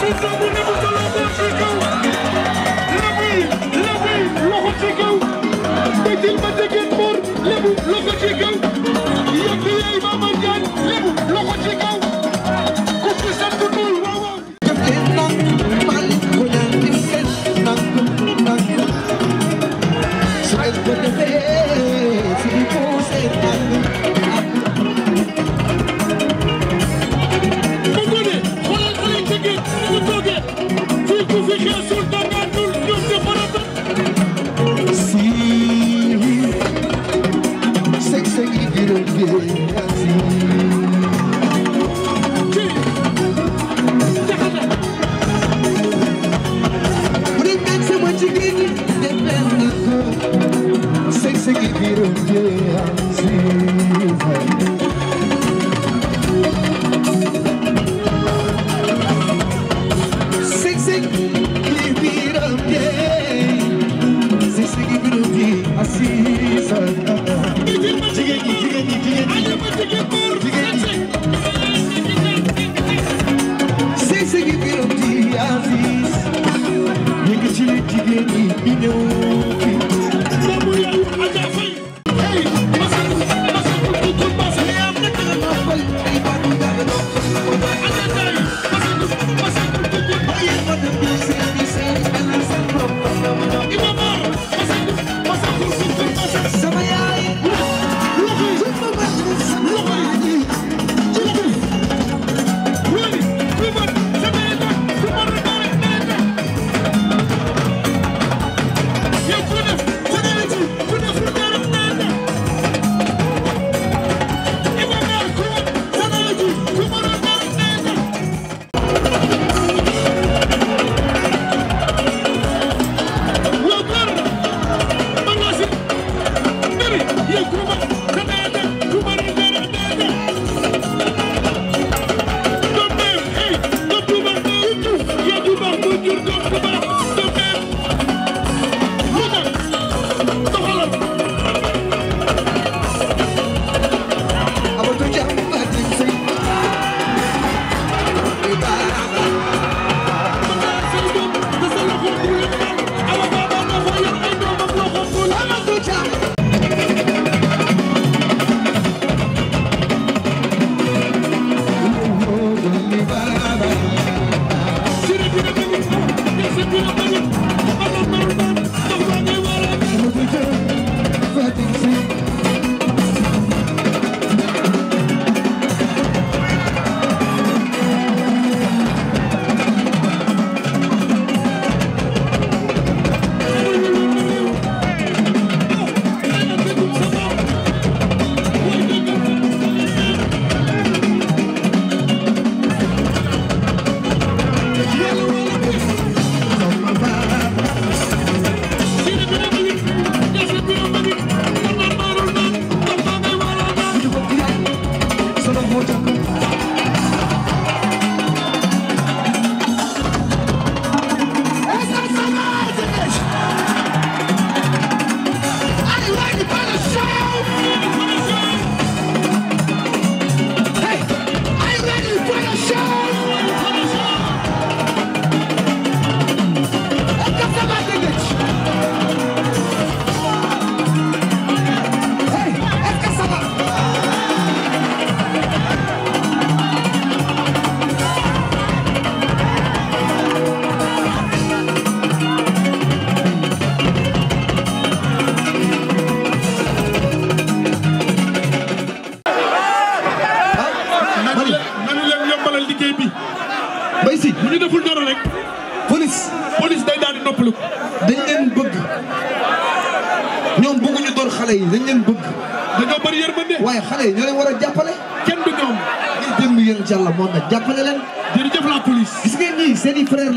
Santo Domingo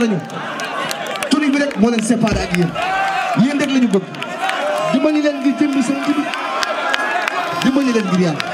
nañu turi bi rek moo leen séparé ak yéen yéen rek la ñu bëgg dimbali leen ngir jëm bi seen ji dimbali leen ngir yàlla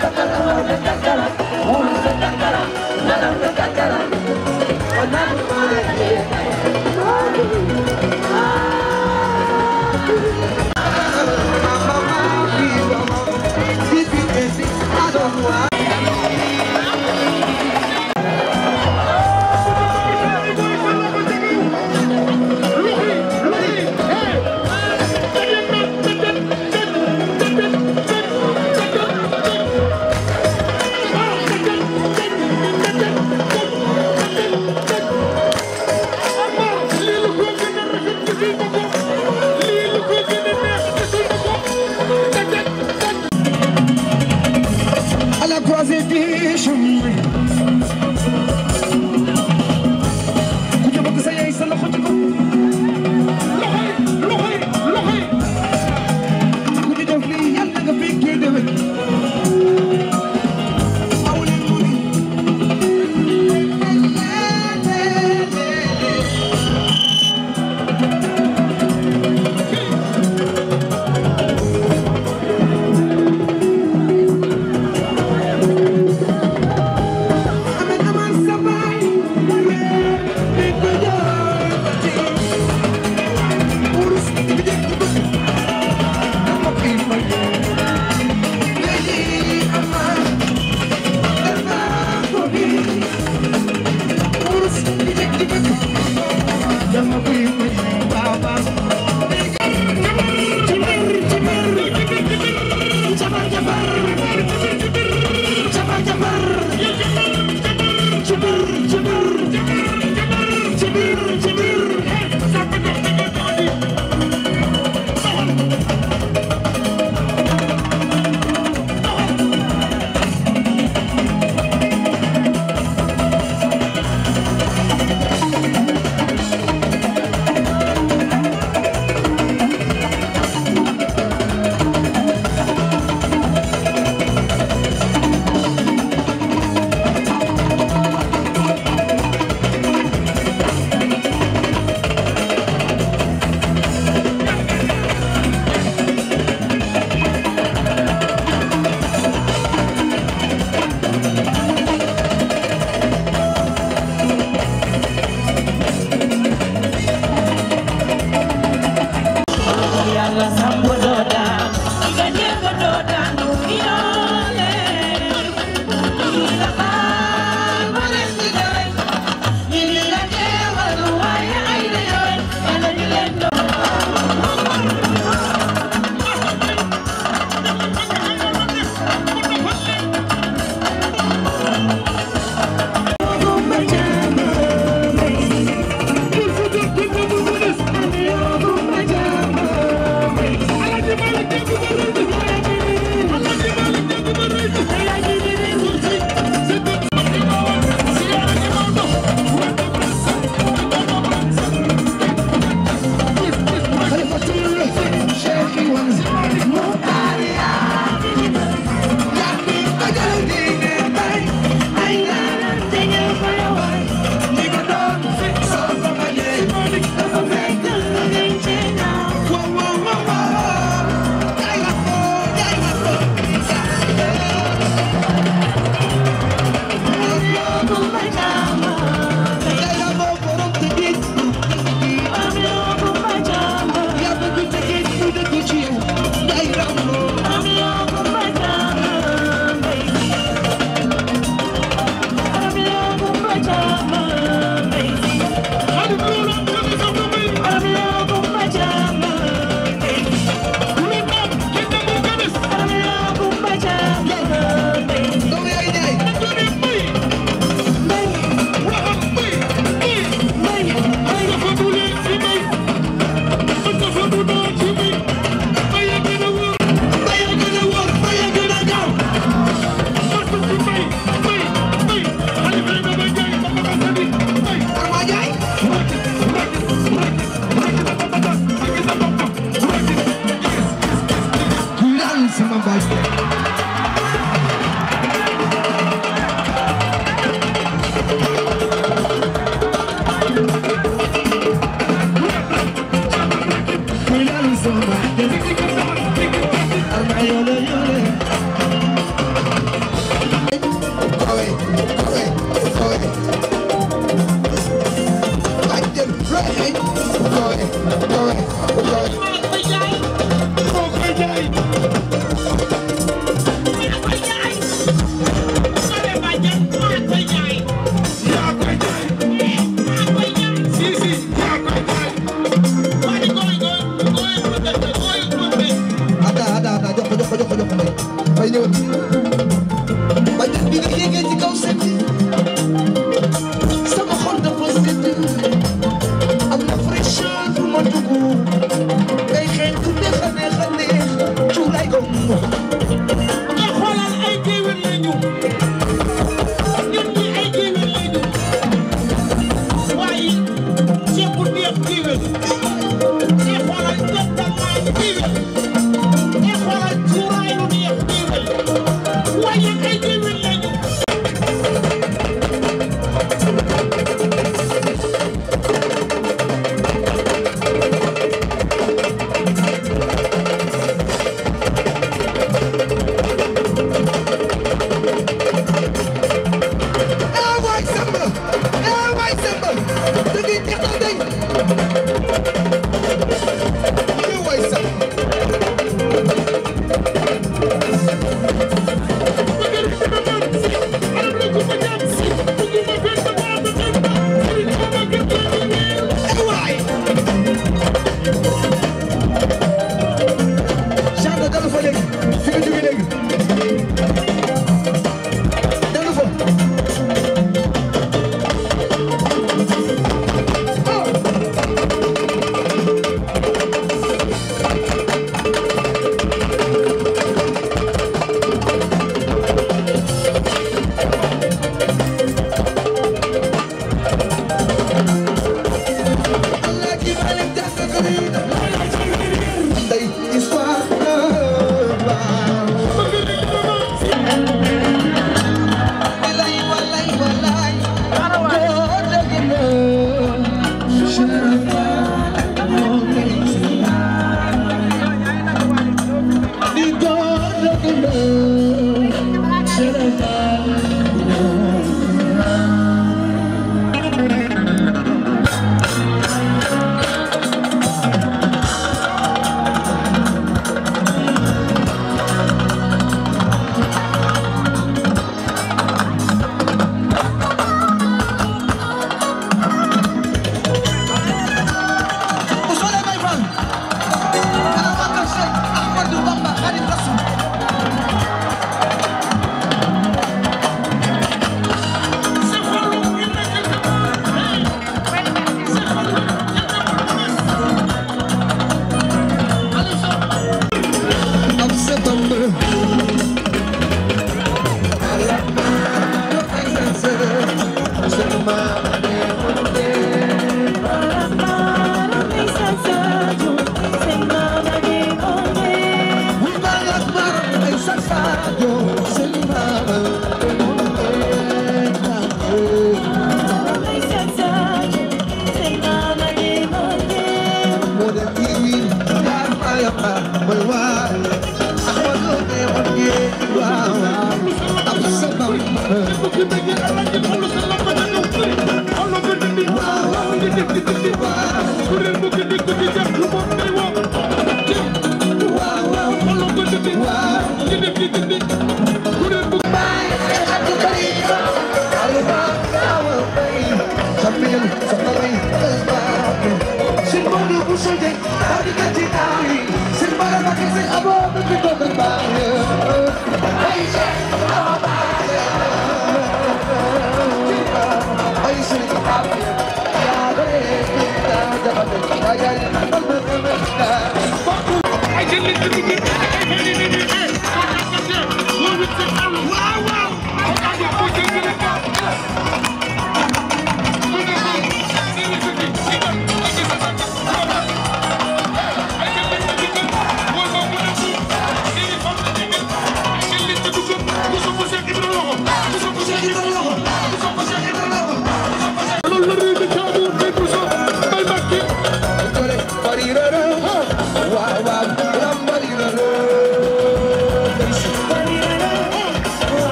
Cataca,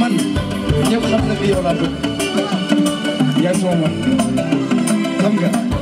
man ñëpp xam na ni yow laa bëgg yaa ngi sama man xam nga.